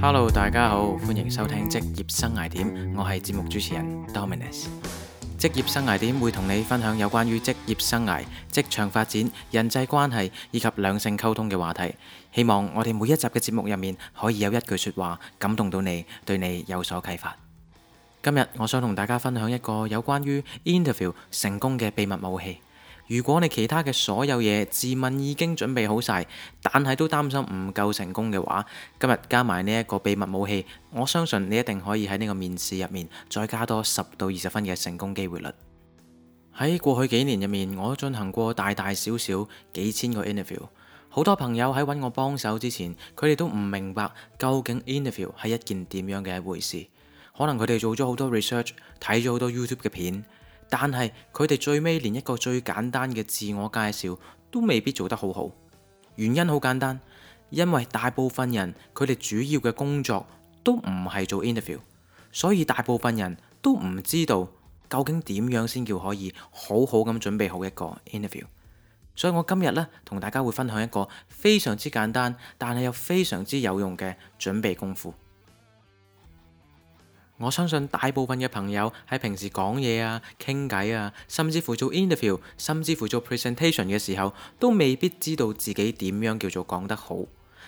Hello，大家好，歡迎收聽職業生涯點，我係節目主持人 Dominus。職業生涯點會同你分享有關於職業生涯、職場發展、人際關係以及兩性溝通嘅話題。希望我哋每一集嘅節目入面可以有一句說話，感動到你，對你有所啟發。今日我想同大家分享一個有關於 interview 成功嘅秘密武器。如果你其他嘅所有嘢自問已經準備好晒，但係都擔心唔夠成功嘅話，今日加埋呢一個秘密武器，我相信你一定可以喺呢個面試入面再加多十到二十分嘅成功機會率。喺過去幾年入面，我都進行過大大小小幾千個 interview，好多朋友喺揾我幫手之前，佢哋都唔明白究竟 interview 係一件點樣嘅一回事。可能佢哋做咗好多 research，睇咗好多 YouTube 嘅片。但係佢哋最尾連一個最簡單嘅自我介紹都未必做得好好，原因好簡單，因為大部分人佢哋主要嘅工作都唔係做 interview，所以大部分人都唔知道究竟點樣先叫可以好好咁準備好一個 interview，所以我今日咧同大家會分享一個非常之簡單，但係又非常之有用嘅準備功夫。我相信大部分嘅朋友喺平時講嘢啊、傾偈啊，甚至乎做 interview，甚至乎做 presentation 嘅時候，都未必知道自己點樣叫做講得好。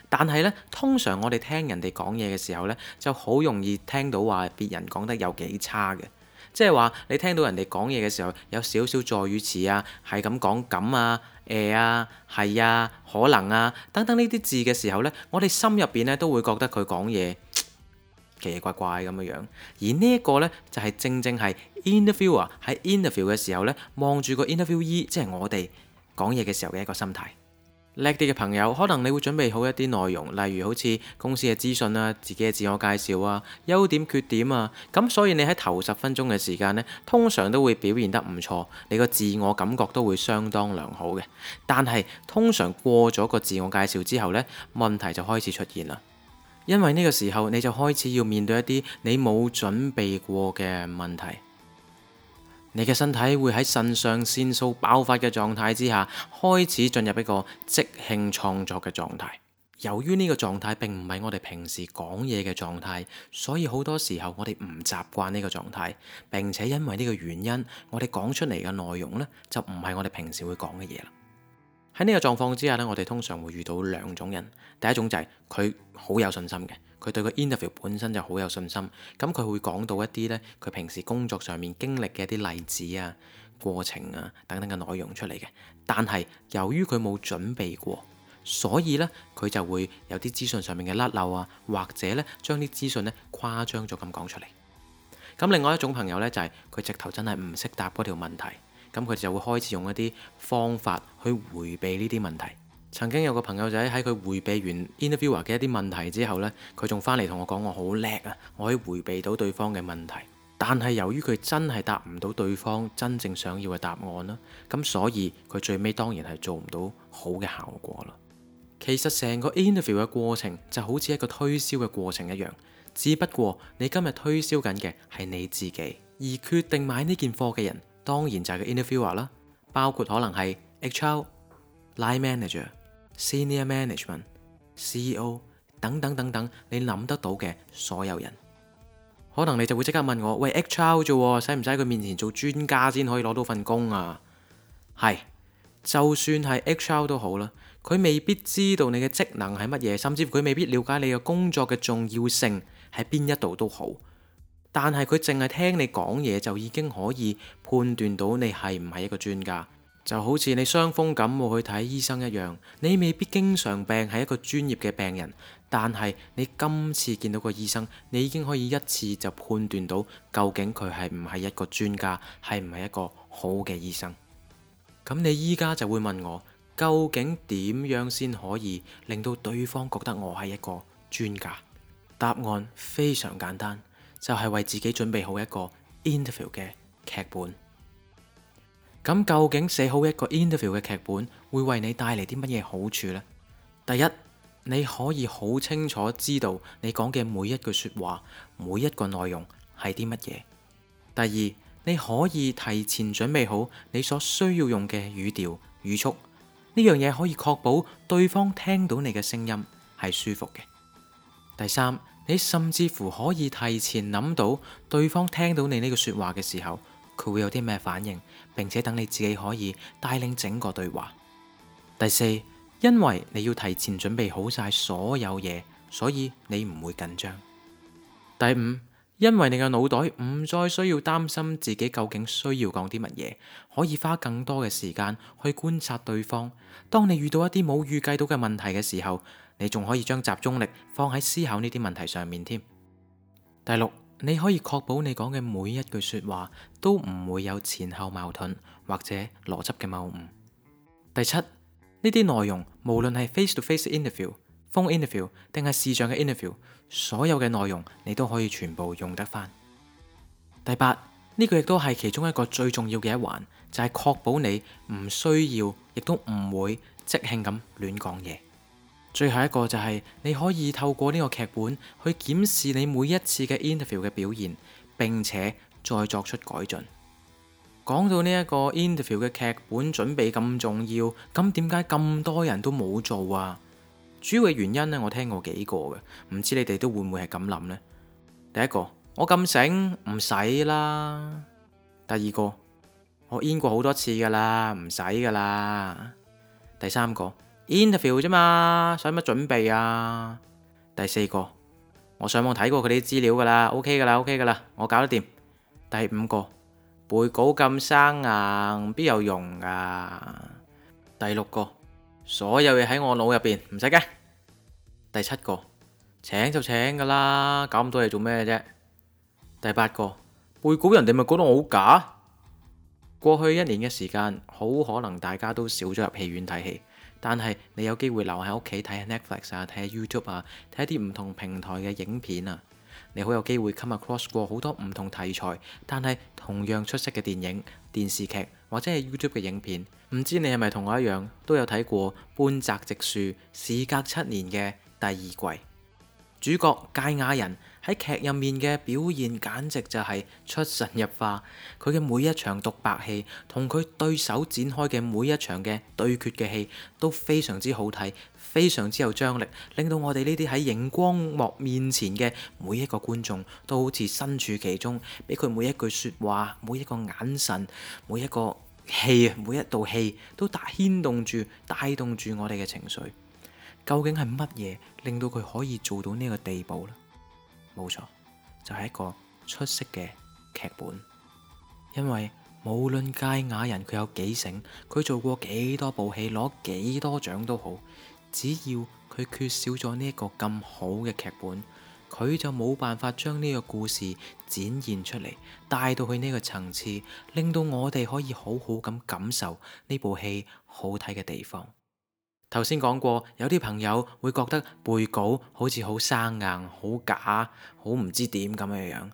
但係呢，通常我哋聽人哋講嘢嘅時候呢，就好容易聽到話別人講得有幾差嘅，即係話你聽到人哋講嘢嘅時候，有少少助語詞啊，係咁講咁啊、誒、呃、啊、係啊、可能啊等等呢啲字嘅時候呢，我哋心入邊呢都會覺得佢講嘢奇奇怪怪咁樣，而呢一個呢就係正正係 interviewer 喺 interview 嘅時候呢，望住個 interviewee，即係我哋講嘢嘅時候嘅一個心態。叻啲嘅朋友，可能你會準備好一啲內容，例如好似公司嘅資訊啊、自己嘅自我介紹啊、優點缺點啊，咁所以你喺頭十分鐘嘅時間呢，通常都會表現得唔錯，你個自我感覺都會相當良好嘅。但係通常過咗個自我介紹之後呢，問題就開始出現啦。因為呢個時候你就開始要面對一啲你冇準備過嘅問題，你嘅身體會喺腎上腺素爆發嘅狀態之下，開始進入一個即興創作嘅狀態。由於呢個狀態並唔係我哋平時講嘢嘅狀態，所以好多時候我哋唔習慣呢個狀態，並且因為呢個原因，我哋講出嚟嘅內容呢，就唔係我哋平時會講嘅嘢啦。喺呢個狀況之下呢，我哋通常會遇到兩種人。第一種就係佢好有信心嘅，佢對個 interview 本身就好有信心，咁佢會講到一啲呢，佢平時工作上面經歷嘅一啲例子啊、過程啊等等嘅內容出嚟嘅。但係由於佢冇準備過，所以呢，佢就會有啲資訊上面嘅甩漏啊，或者呢將啲資訊呢誇張咗咁講出嚟。咁另外一種朋友呢，就係佢直頭真係唔識答嗰條問題。咁佢就會開始用一啲方法去迴避呢啲問題。曾經有個朋友仔喺佢迴避完 interviewer 嘅一啲問題之後呢，佢仲返嚟同我講：我好叻啊，我可以迴避到對方嘅問題。但係由於佢真係答唔到對方真正想要嘅答案啦，咁所以佢最尾當然係做唔到好嘅效果啦。其實成個 interview 嘅過程就好似一個推銷嘅過程一樣，只不過你今日推銷緊嘅係你自己，而決定買呢件貨嘅人。當然就係個 interviewer 啦，包括可能係 HR、Line Manager、Senior Management、CEO 等等等等，你諗得到嘅所有人，可能你就會即刻問我：喂，HR 啫，使唔使佢面前做專家先可以攞到份工啊？係，就算係 HR 都好啦，佢未必知道你嘅職能係乜嘢，甚至乎佢未必了解你嘅工作嘅重要性喺邊一度都好。但係佢淨係聽你講嘢就已經可以判斷到你係唔係一個專家，就好似你傷風感冒去睇醫生一樣，你未必經常病係一個專業嘅病人，但係你今次見到個醫生，你已經可以一次就判斷到究竟佢係唔係一個專家，係唔係一個好嘅醫生。咁你依家就會問我，究竟點樣先可以令到對方覺得我係一個專家？答案非常簡單。就係為自己準備好一個 interview 嘅劇本。咁究竟寫好一個 interview 嘅劇本會為你帶嚟啲乜嘢好處呢？第一，你可以好清楚知道你講嘅每一句說話、每一個內容係啲乜嘢。第二，你可以提前準備好你所需要用嘅語調、語速，呢樣嘢可以確保對方聽到你嘅聲音係舒服嘅。第三。你甚至乎可以提前諗到對方聽到你呢個說話嘅時候，佢會有啲咩反應，並且等你自己可以帶領整個對話。第四，因為你要提前準備好晒所有嘢，所以你唔會緊張。第五。因為你嘅腦袋唔再需要擔心自己究竟需要講啲乜嘢，可以花更多嘅時間去觀察對方。當你遇到一啲冇預計到嘅問題嘅時候，你仲可以將集中力放喺思考呢啲問題上面添。第六，你可以確保你講嘅每一句說話都唔會有前後矛盾或者邏輯嘅謬誤。第七，呢啲內容無論係 face-to-face interview，Phone interview 定係視像嘅 interview，所有嘅內容你都可以全部用得翻。第八呢、呢個亦都係其中一個最重要嘅一環，就係、是、確保你唔需要亦都唔會即興咁亂講嘢。最後一個就係、是、你可以透過呢個劇本去檢視你每一次嘅 interview 嘅表現，並且再作出改進。講到呢一個 interview 嘅劇本準備咁重要，咁點解咁多人都冇做啊？主要嘅原因呢，我聽過幾個嘅，唔知你哋都會唔會係咁諗呢？第一個，我咁醒唔使啦；第二個，我 in 過好多次噶啦，唔使噶啦；第三個，interview 啫嘛，使乜準備啊？第四個，我上網睇過佢啲資料噶啦，OK 噶啦，OK 噶啦，我搞得掂；第五個，背稿咁生硬，必有用噶、啊；第六個。所有嘢喺我腦入邊，唔使驚。第七個，請就請噶啦，搞咁多嘢做咩啫？第八個，背稿人哋咪覺得我好假。過去一年嘅時間，好可能大家都少咗入戲院睇戲，但係你有機會留喺屋企睇 Netflix 啊，睇 YouTube 啊，睇啲唔同平台嘅影片啊。你好有機會 come across 過好多唔同題材，但係同樣出色嘅電影、電視劇或者係 YouTube 嘅影片，唔知你係咪同我一樣都有睇過《半澤直樹》事隔七年嘅第二季？主角堺雅人喺劇入面嘅表現簡直就係出神入化，佢嘅每一場獨白戲同佢對手展開嘅每一場嘅對決嘅戲都非常之好睇。非常之有張力，令到我哋呢啲喺熒光幕面前嘅每一個觀眾都好似身處其中，俾佢每一句説話、每一個眼神、每一個戲啊、每一道戲都牽動住、帶動住我哋嘅情緒。究竟係乜嘢令到佢可以做到呢個地步呢？冇錯，就係、是、一個出色嘅劇本。因為無論佳雅人佢有幾醒，佢做過幾多部戲，攞幾多獎都好。只要佢缺少咗呢一個咁好嘅劇本，佢就冇辦法將呢個故事展現出嚟，帶到去呢個層次，令到我哋可以好好咁感受呢部戲好睇嘅地方。頭先講過，有啲朋友會覺得背稿好似好生硬、好假、好唔知點咁樣樣。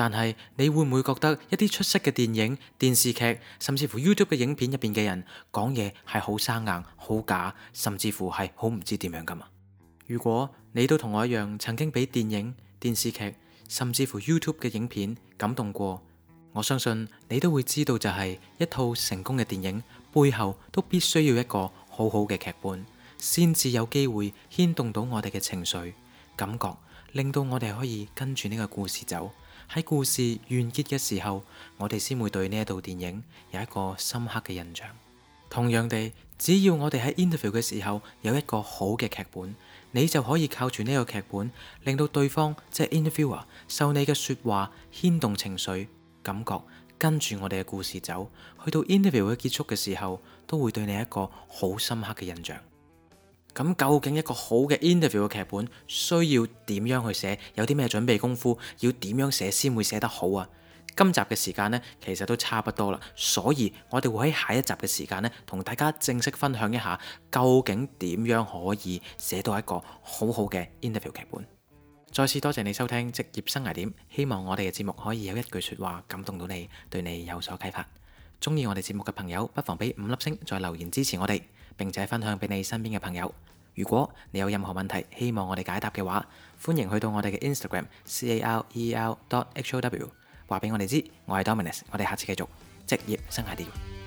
但係你會唔會覺得一啲出色嘅電影、電視劇，甚至乎 YouTube 嘅影片入邊嘅人講嘢係好生硬、好假，甚至乎係好唔知點樣㗎嘛？如果你都同我一樣曾經俾電影、電視劇，甚至乎 YouTube 嘅影片感動過，我相信你都會知道，就係一套成功嘅電影背後都必須要一個好好嘅劇本，先至有機會牽動到我哋嘅情緒感覺，令到我哋可以跟住呢個故事走。喺故事完結嘅時候，我哋先會對呢一部電影有一個深刻嘅印象。同樣地，只要我哋喺 interview 嘅時候有一個好嘅劇本，你就可以靠住呢個劇本，令到對方即係 interviewer 受你嘅說話牽動情緒、感覺，跟住我哋嘅故事走。去到 interview 嘅結束嘅時候，都會對你一個好深刻嘅印象。咁究竟一個好嘅 interview 嘅劇本需要點樣去寫？有啲咩準備功夫？要點樣寫先會寫得好啊？今集嘅時間呢，其實都差不多啦，所以我哋會喺下一集嘅時間呢，同大家正式分享一下究竟點樣可以寫到一個好好嘅 interview 劇本。再次多謝你收聽職業生涯點，希望我哋嘅節目可以有一句說話感動到你，對你有所啟發。中意我哋節目嘅朋友，不妨俾五粒星再留言支持我哋，並且分享俾你身邊嘅朋友。如果你有任何問題，希望我哋解答嘅話，歡迎去到我哋嘅 Instagram c a r e e r dot h o w，話俾我哋知。我係 Dominus，我哋下次繼續職業生涯點。